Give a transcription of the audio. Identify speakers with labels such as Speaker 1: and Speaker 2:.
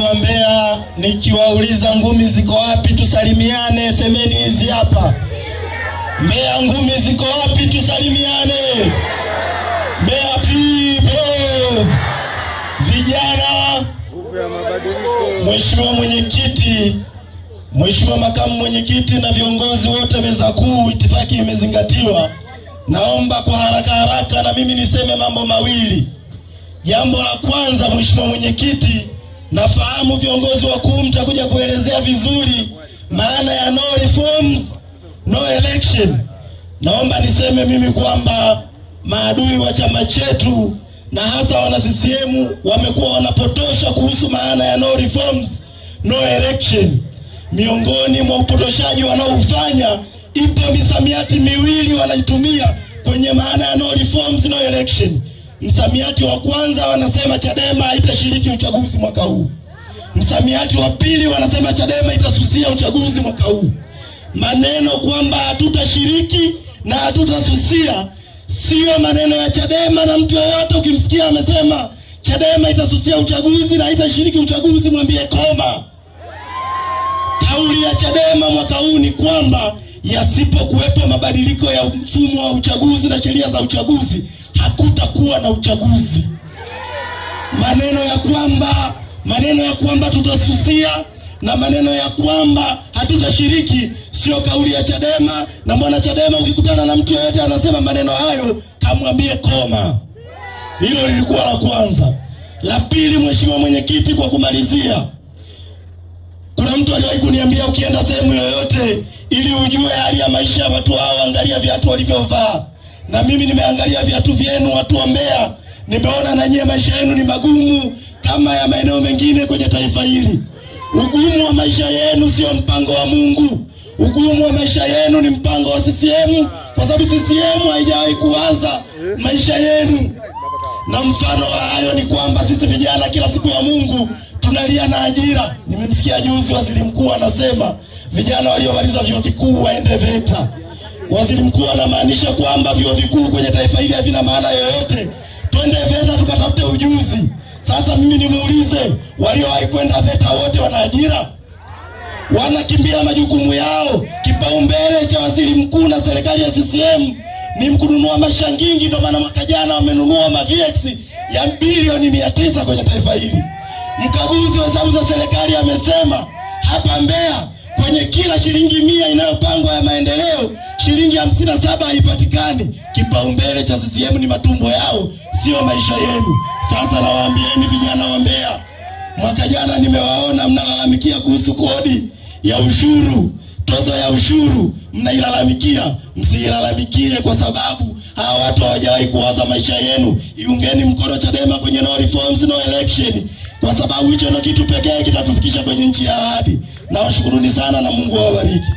Speaker 1: watu wa Mbeya, nikiwauliza ngumi ziko wapi, tusalimiane, semeni hizi hapa. Mbeya ngumi ziko wapi? Tusalimiane. Mbeya Peoples, vijana. Mheshimiwa mwenyekiti, Mheshimiwa makamu mwenyekiti na viongozi wote meza kuu, itifaki imezingatiwa. Naomba kwa haraka haraka na mimi niseme mambo mawili. Jambo la kwanza, Mheshimiwa mwenyekiti Nafahamu viongozi wakuu mtakuja kuelezea vizuri maana ya no reforms, no election. Naomba niseme mimi kwamba maadui wa chama chetu na hasa wana CCM wamekuwa wanapotosha kuhusu maana ya no reforms, no election. Miongoni mwa upotoshaji wanaofanya, ipo misamiati miwili wanaitumia kwenye maana ya no reforms, no election. Msamiati wa kwanza wanasema Chadema haitashiriki uchaguzi mwaka huu. Msamiati wa pili wanasema Chadema itasusia uchaguzi mwaka huu. Maneno kwamba hatutashiriki na hatutasusia siyo maneno ya Chadema, na mtu yeyote ukimsikia amesema Chadema itasusia uchaguzi na haitashiriki uchaguzi, mwambie koma. Kauli ya Chadema mwaka huu ni kwamba yasipokuwepo mabadiliko ya mfumo wa uchaguzi na sheria za uchaguzi hakutakuwa na uchaguzi. Maneno ya kwamba maneno ya kwamba tutasusia na maneno ya kwamba hatutashiriki sio kauli ya Chadema na mwana Chadema. Ukikutana na mtu yeyote anasema maneno hayo, kamwambie koma. Hilo lilikuwa la kwanza. La pili, mheshimiwa mwenyekiti, kwa kumalizia, kuna mtu aliwahi kuniambia ukienda sehemu yoyote, ili ujue hali ya maisha ya watu hao, angalia viatu walivyovaa na mimi nimeangalia viatu vyenu watu wa Mbeya, nimeona na nyie maisha yenu ni magumu kama ya maeneo mengine kwenye taifa hili. Ugumu wa maisha yenu sio mpango wa Mungu. Ugumu wa maisha yenu ni mpango wa CCM, kwa sababu CCM haijawahi kuanza maisha yenu. Na mfano wa hayo ni kwamba sisi vijana kila siku ya Mungu tunalia na ajira. Nimemsikia juzi waziri mkuu anasema vijana waliomaliza vyuo vikuu waende VETA. Waziri mkuu anamaanisha kwamba vyuo vikuu kwenye taifa hili havina maana yoyote. Twende VETA tukatafute ujuzi. Sasa mimi nimuulize, waliowahi kwenda VETA wote wana ajira? Wanakimbia majukumu yao. Kipaumbele cha waziri mkuu na serikali ya CCM ni mkununua mashangingi, ndio maana mwaka jana wamenunua mavex ya bilioni mia tisa kwenye taifa hili. Mkaguzi wa hesabu za serikali amesema hapa Mbeya kwenye kila shilingi mia inayopangwa ya maendeleo, shilingi hamsini na saba haipatikani. Kipaumbele cha CCM ni matumbo yao, sio maisha yenu. Sasa nawaambieni vijana wa Mbeya, mwaka jana nimewaona mnalalamikia kuhusu kodi ya ushuru tozo ya ushuru mnailalamikia, msiilalamikie kwa sababu hawa watu hawajawahi kuwaza maisha yenu. Iungeni mkono CHADEMA kwenye no reforms no election kwa sababu hicho ndio kitu pekee kitatufikisha kwenye nchi ya ahadi. Nawashukuruni sana na Mungu awabariki.